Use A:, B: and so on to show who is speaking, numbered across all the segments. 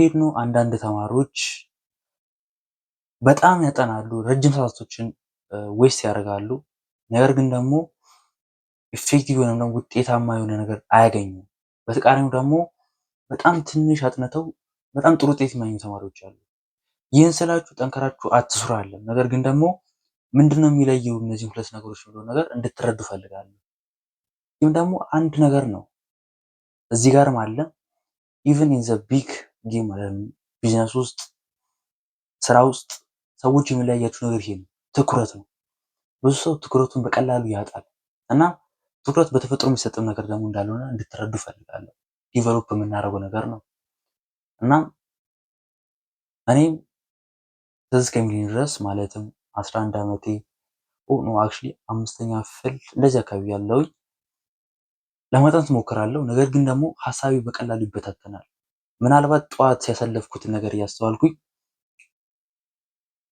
A: ሄድ ነው። አንዳንድ ተማሪዎች በጣም ያጠናሉ፣ ረጅም ሰዓቶችን ዌስት ያደርጋሉ። ነገር ግን ደግሞ ኢፌክቲቭ ወይም ደግሞ ውጤታማ የሆነ ነገር አያገኙም። በተቃራኒው ደግሞ በጣም ትንሽ አጥንተው በጣም ጥሩ ውጤት የሚያኙ ተማሪዎች አሉ። ይህን ስላችሁ ጠንከራችሁ አትስራ አለም። ነገር ግን ደግሞ ምንድን ነው የሚለየው እነዚህ ሁለት ነገሮች የሚለው ነገር እንድትረዱ ፈልጋለሁ። ይህም ደግሞ አንድ ነገር ነው እዚህ ጋርም አለ ኢቨን ኢን ዘ ቢግ ማለት ቢዝነስ ውስጥ ስራ ውስጥ ሰዎች የሚለያያቸው ነገር ይሄ ነው፣ ትኩረት ነው። ብዙ ሰው ትኩረቱን በቀላሉ ያጣል እና ትኩረት በተፈጥሮ የሚሰጠው ነገር ደግሞ እንዳልሆነ እንድትረዱ ፈልጋለሁ። ዲቨሎፕ የምናደርገው ነገር ነው እና እኔም ስለዚህ ከሚሊዮን ድረስ ማለትም አስራ አንድ ዓመቴ ኖ አክቹዋሊ አምስተኛ ክፍል እንደዚህ አካባቢ ያለውኝ ለማጥናት እሞክራለሁ። ነገር ግን ደግሞ ሀሳቢ በቀላሉ ይበታተናል። ምናልባት ጠዋት ያሳለፍኩትን ነገር እያስተዋልኩኝ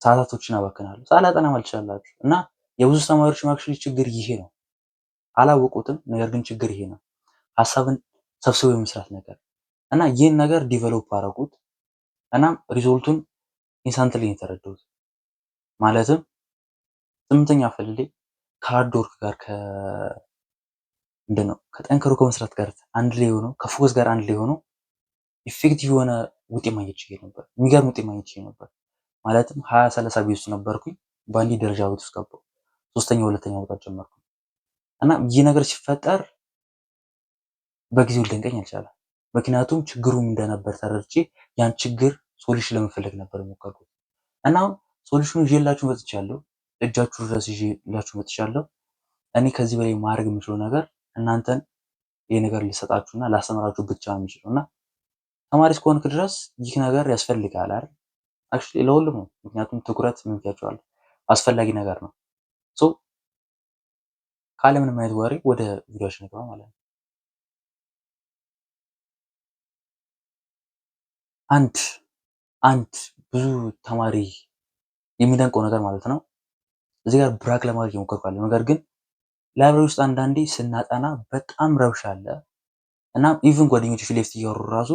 A: ሰዓታቶችን አባክናለሁ፣ ሳላጠና አልችላላችሁ እና የብዙ ተማሪዎች ማክሽ ችግር ይሄ ነው። አላወቁትም፣ ነገር ግን ችግር ይሄ ነው። ሀሳብን ሰብስቦ የመስራት ነገር እና ይህን ነገር ዲቨሎፕ አረጉት እና ሪዞልቱን ኢንሳንትሊ የተረዱት ማለትም ስምንተኛ ፈልሌ ከሃርድወርክ ጋር ምንድን ነው ከጠንክሮ ከመስራት ጋር አንድ ላይ ሆኖ ከፎከስ ጋር አንድ ላይ ሆነው ኢፌክቲቭ የሆነ ውጤት ማግኘት ችዬ ነበር። የሚገርም ውጤት ማግኘት ችዬ ነበር። ማለትም ሀያ ሰላሳ ቤት ውስጥ ነበርኩኝ። በአንድ ደረጃ ቤት ውስጥ ገባሁ። ሶስተኛ ሁለተኛ ቦታ ጀመርኩ እና ይህ ነገር ሲፈጠር በጊዜው ሊደንቀኝ አልቻለም። ምክንያቱም ችግሩም እንደነበር ተረድቼ ያን ችግር ሶሉሽን ለመፈለግ ነበር የሞከርኩት እና አሁን ሶሉሽኑ ይዤላችሁ መጥቻለሁ። እጃችሁ ድረስ ይዤላችሁ መጥቻለሁ። እኔ ከዚህ በላይ ማድረግ የምችለው ነገር እናንተን ይህ ነገር ልሰጣችሁና ላስተምራችሁ ብቻ ነው የሚችለው እና ተማሪ እስከሆንክ ድረስ ይህ ነገር ያስፈልጋል አይደል? አክቹዋሊ ለሁሉም ነው። ምክንያቱም ትኩረት ምንያቸዋል አስፈላጊ ነገር ነው። ሶ ካለምንም አይነት ወሬ ወደ ቪዲዮዎች እንግባ ማለት ነው። አንድ አንድ ብዙ ተማሪ የሚደንቀው ነገር ማለት ነው እዚህ ጋር ብራክ ለማድረግ የሞከርኳለሁ። ነገር ግን ላይብራሪ ውስጥ አንዳንዴ ስናጠና በጣም ረብሻ አለ። እና ኢቭን ጓደኞች ፊት ለፊት እያወሩ ራሱ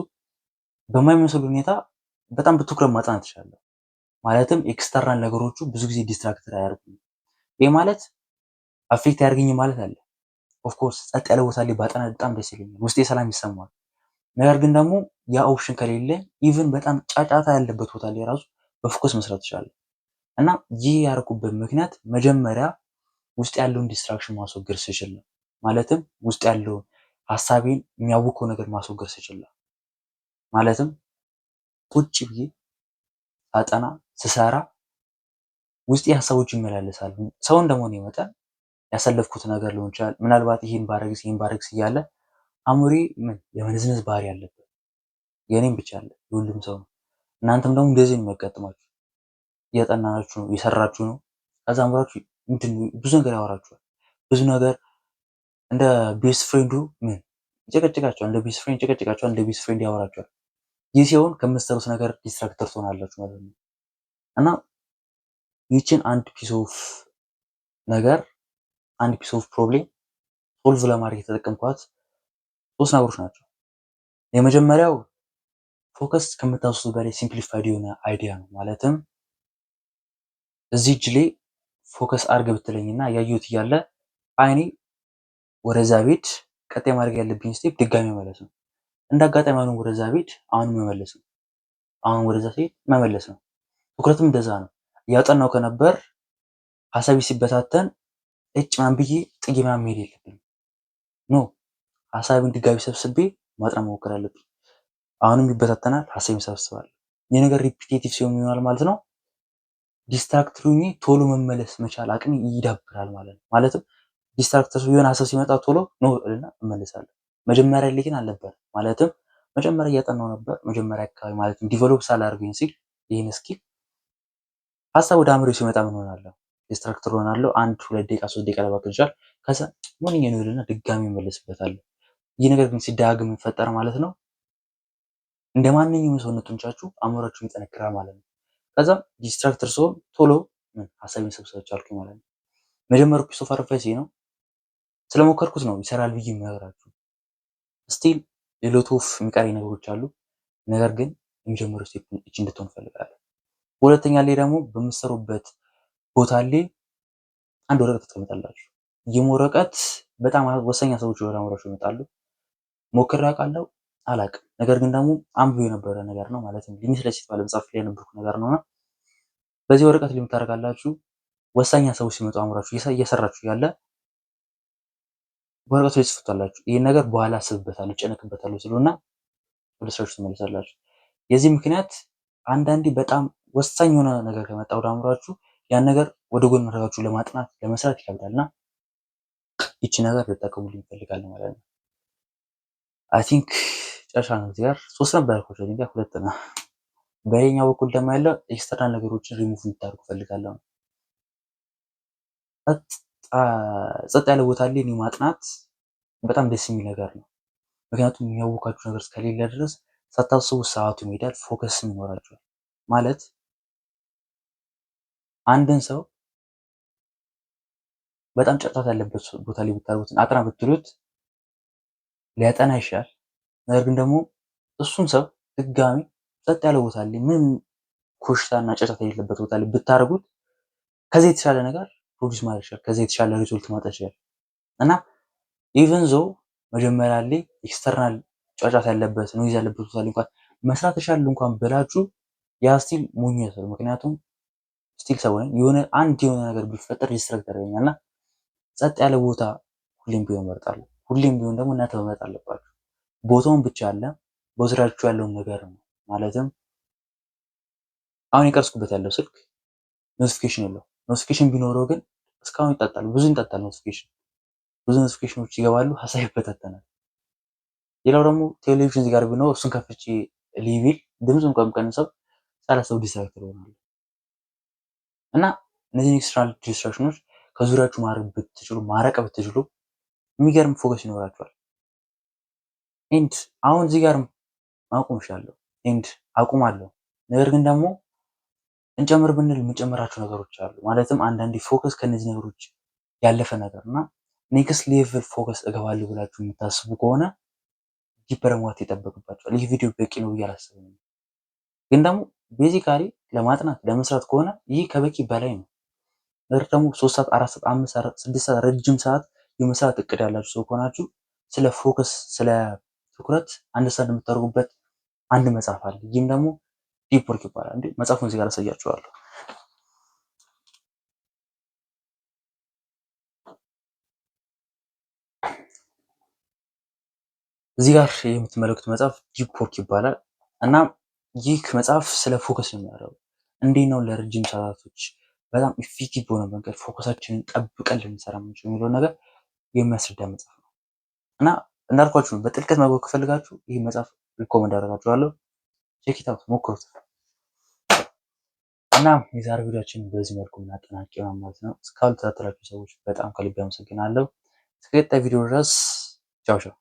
A: በማይመስል ሁኔታ በጣም በትኩረት ማጥናት ይችላል። ማለትም ኤክስተርናል ነገሮቹ ብዙ ጊዜ ዲስትራክት አያደርጉም። ይህ ማለት አፌክት ያደርገኝ ማለት አለ። ኦፍኮርስ ጸጥ ያለ ቦታ ላይ ባጠና በጣም ደስ ይለኛል፣ ውስጤ ሰላም ይሰማል። ነገር ግን ደግሞ ያ ኦፕሽን ከሌለ ኢቨን በጣም ጫጫታ ያለበት ቦታ ላይ ራሱ በፎከስ መስራት ይችላል። እና ይህ ያደረኩበት ምክንያት መጀመሪያ ውስጥ ያለውን ዲስትራክሽን ማስወገድ ስችል ነው። ማለትም ውስጥ ያለውን ሀሳቤን የሚያውከው ነገር ማስወገድ ስችል ነው። ማለትም ቁጭ ብዬ ሳጠና ስሰራ ውስጤ ሀሳቦች ይመላለሳሉ። ሰው እንደመሆኔ መጠን ያሳለፍኩት ነገር ሊሆን ይችላል። ምናልባት ይህን ባረግስ ይህን ባረግስ እያለ አእምሮዬ ምን የመነዝነዝ ባህሪ ያለበት የእኔም ብቻ አለ የሁሉም ሰው ነው። እናንተም ደግሞ እንደዚህ ነው የሚያጋጥማችሁ። እያጠናናችሁ ነው፣ እየሰራችሁ ነው። ከዛ አእምሯችሁ ብዙ ነገር ያወራችኋል። ብዙ ነገር እንደ ቤስት ፍሬንዱ ምን ይጨቀጭቃቸዋል፣ እንደ ቤስት ፍሬንድ ይጨቀጭቃቸዋል፣ እንደ ቤስት ፍሬንድ ያወራቸዋል። ይህ ሲሆን ከምትሰሩት ነገር ዲስትራክተር ትሆናላችሁ ማለት ነው። እና ይችን አንድ ፒስ ኦፍ ነገር አንድ ፒስ ኦፍ ፕሮብሌም ሶልቭ ለማድረግ የተጠቀምኳት ሶስት ነገሮች ናቸው። የመጀመሪያው ፎከስ ከምታስቡት በላይ ሲምፕሊፋይድ የሆነ አይዲያ ነው። ማለትም እዚህ እጅ ላይ ፎከስ አድርግ ብትለኝና ያየሁት እያለ አይኔ ወደዛ ቤድ ቀጣይ ማድረግ ያለብኝ ስቴፕ ድጋሚ ማለት ነው። እንደ አጋጣሚ አሁን ወደዛ ቤት አሁን መመለስ ነው። አሁን ወደዛ ሲሄድ መመለስ ነው። ትኩረትም እንደዛ ነው። እያጠናው ከነበር ሀሳቢ ሲበታተን እጭ ማን ብዬ ጥጌ ማን መሄድ የለብኝ ኖ ሀሳቢን ድጋሚ ሰብስቤ ማጥናት መሞከር አለብኝ። አሁንም ይበታተናል፣ ሀሳቢ ሰብስባል። የነገር ሪፒቴቲቭ ሲሆን ይሆናል ማለት ነው። ዲስትራክት ቶሎ መመለስ መቻል አቅሜ ይዳብራል ማለት ነው። ማለትም ዲስትራክተር የሆነ ሀሳብ ሲመጣ ቶሎ ኖ እልና መጀመሪያ ልጅን ግን ማለትም መጀመሪያ እያጠናው ነበር። መጀመሪያ አካባቢ ማለትም ዲቨሎፕ ሳላደርገኝ ሲል ይህን ስኪል ሀሳብ ወደ አእምሮ ሲመጣ ምን ሆናለሁ? ኢንስትራክተር ሆናለሁ። አንድ ሁለት ደቂቃ ሶስት ደቂቃ ለባክ ይችላል። ከዛ ሞንኛ ነው ይልና ድጋሚ መለስበታለሁ። ይህ ነገር ግን ሲዳግም ይፈጠር ማለት ነው እንደ ማንኛውም ሰውነት ጡንቻችሁ አእምሯችሁ ይጠነክራል ማለት ነው። ከዛ ዲስትራክተር ሲሆን ቶሎ ሀሳቤን ሰብሰብ ቻልኩኝ ማለት ነው። መጀመሪያ ፒስ ኦፍ አድቫይስ ነው ስለሞከርኩት ነው ይሰራል ብዬ የምነግራችሁ ስቲል ሌሎት ኦፍ የሚቀረኝ ነገሮች አሉ። ነገር ግን የመጀመሪያው ስቴፕ እች እንድትሆን ፈልጋለሁ። ሁለተኛ ላይ ደግሞ በምትሰሩበት ቦታ ላይ አንድ ወረቀት ትቀምጣላችሁ። ይህም ወረቀት በጣም ወሳኝ ሰዎች ወደ አምራሹ ይመጣሉ። ሞክሬ አውቃለሁ አላቅም፣ ነገር ግን ደግሞ አንብቦ የነበረ ነገር ነው ማለት ነው። የሚስለችት ባለ መጽሐፍ ላይ የነበርኩ ነገር ነውና በዚህ ወረቀት ላይ የምታደርጋላችሁ ወሳኝ ሰዎች ሲመጡ አእምሯችሁ እየሰራችሁ ያለ ወረቀት ላይ ትጽፉታላችሁ። ይህን ነገር በኋላ አስብበታለሁ፣ ጨነቅበታለሁ ስሉና ወደ ስራችሁ ትመለሳላችሁ። የዚህ ምክንያት አንዳንዴ በጣም ወሳኝ የሆነ ነገር ከመጣ ወደ አእምሯችሁ ያን ነገር ወደ ጎን አድርጋችሁ ለማጥናት ለመስራት ይከብዳል እና ይቺ ነገር ልጠቀሙልኝ ይፈልጋል ማለት ነው። አይ ቲንክ ጨርሻ ነው። እዚህ ጋር ሶስት ነበር ያልኩት ጋር ሁለት ነው። በሌላኛው በኩል ደግሞ ያለው ኤክስተርናል ነገሮችን ሪሙቭ እንድታደርጉ እፈልጋለሁ። ጸጥ ያለ ቦታ ላይ እኔ ማጥናት በጣም ደስ የሚል ነገር ነው። ምክንያቱም የሚያወካችሁ ነገር እስከሌለ ድረስ ሳታስቡ ሰዓቱ ይሄዳል፣ ፎከስም ይኖራችኋል። ማለት አንድን ሰው በጣም ጫጫታ ያለበት ቦታ ላይ ብታርጉትን አጥና ብትሉት ሊያጠና ይሻል። ነገር ግን ደግሞ እሱን ሰው ድጋሚ ጸጥ ያለ ቦታ ላይ ምንም ኮሽታና ጨርታት የሌለበት ቦታ ላይ ብታርጉት ከዚህ የተሻለ ነገር ፕሮዲስ ማድረግ ይችላል። ከዚህ የተሻለ ሪዞልት ማውጣት ይችላል። እና ኢቨን ዞ መጀመሪያ ላይ ኤክስተርናል ጫጫት ያለበት ኖይዝ ያለበት ቦታ እንኳን መስራት ይችላል እንኳን ብላችሁ ያ ስቲል ሞኝ ያሰሩ ምክንያቱም ስቲል ሰው የሆነ አንድ የሆነ ነገር ቢፈጠር ዲስትራክት ያደርገኛል። እና ጸጥ ያለ ቦታ ሁሌም ቢሆን እመርጣለሁ። ሁሌም ቢሆን ደግሞ እናንተ መምረጥ አለባችሁ። ቦታውን ብቻ አለ በዙሪያችሁ ያለውን ነገር ነው። ማለትም አሁን የቀረስኩበት ያለው ስልክ ኖቲፊኬሽን የለው ኖቲፊኬሽን ቢኖረው ግን እስካሁን ይጣጣል፣ ብዙ ይጣጣል። ኖቲፊኬሽን ብዙ ኖቲፊኬሽኖች ይገባሉ፣ ሀሳብ ይበታተናል። ሌላው ደግሞ ቴሌቪዥን ጋር ቢኖር እሱን ከፍቼ ሊቪል ድምፁን ቀምቀንሰው ሳላሰብ ዲስትራክት ይሆናል። እና እነዚህን ኤክስተርናል ዲስትራክሽኖች ከዙሪያችሁ ማድረግ ብትችሉ ማረቅ ብትችሉ የሚገርም ፎከስ ይኖራችኋል። ኤንድ አሁን እዚህ ጋር ማቆም ይሻለሁ ኤንድ አቁማለሁ። ነገር ግን ደግሞ እንጨምር ብንል የምንጨምራቸው ነገሮች አሉ። ማለትም አንዳንዴ ፎከስ ከነዚህ ነገሮች ያለፈ ነገር እና ኔክስት ሌቭል ፎከስ እገባለሁ ብላችሁ የምታስቡ ከሆነ ዲፐር መዋት ይጠበቅባቸዋል። ይህ ቪዲዮ በቂ ነው ብዬ አላስብም። ግን ደግሞ ቤዚካሊ ለማጥናት ለመስራት ከሆነ ይህ ከበቂ በላይ ነው። ነገር ደግሞ ሶስት ሰዓት፣ አራት ሰዓት፣ አምስት ሰዓት፣ ስድስት ሰዓት ረጅም ሰዓት የመስራት እቅድ ያላችሁ ሰው ከሆናችሁ ስለ ፎከስ ስለ ትኩረት አንድ ሰዓት የምታደርጉበት አንድ መጽሐፍ አለ። ይህም ደግሞ ዲፕ ወርክ ይባላል። እንዴ መጽሐፉን እዚህ ጋር አሳያችኋለሁ። እዚህ ጋር የምትመለከቱት መጽሐፍ ዲፕ ወርክ ይባላል እና ይህ መጽሐፍ ስለ ፎከስ ነው የሚያደርገው። እንዴት ነው ለረጅም ሰዓታቶች በጣም ኢፌክቲቭ በሆነ መንገድ ፎከሳችንን ጠብቀን ልንሰራ ምንችል የሚለውን ነገር የሚያስረዳ መጽሐፍ ነው እና እንዳልኳችሁ በጥልቀት መግባት ከፈልጋችሁ ይህ መጽሐፍ ሪኮመንድ አደርጋችኋለሁ። ቼክ ሞክሩት። እናም የዛሬ ቪዲዮችን በዚህ መልኩ እናጠናቀቅ ማለት ነው። እስካሁን ተከታተላችሁ ሰዎች በጣም ከልብ አመሰግናለሁ። እስከ ቀጣይ ቪዲዮ ድረስ ቻው ቻው።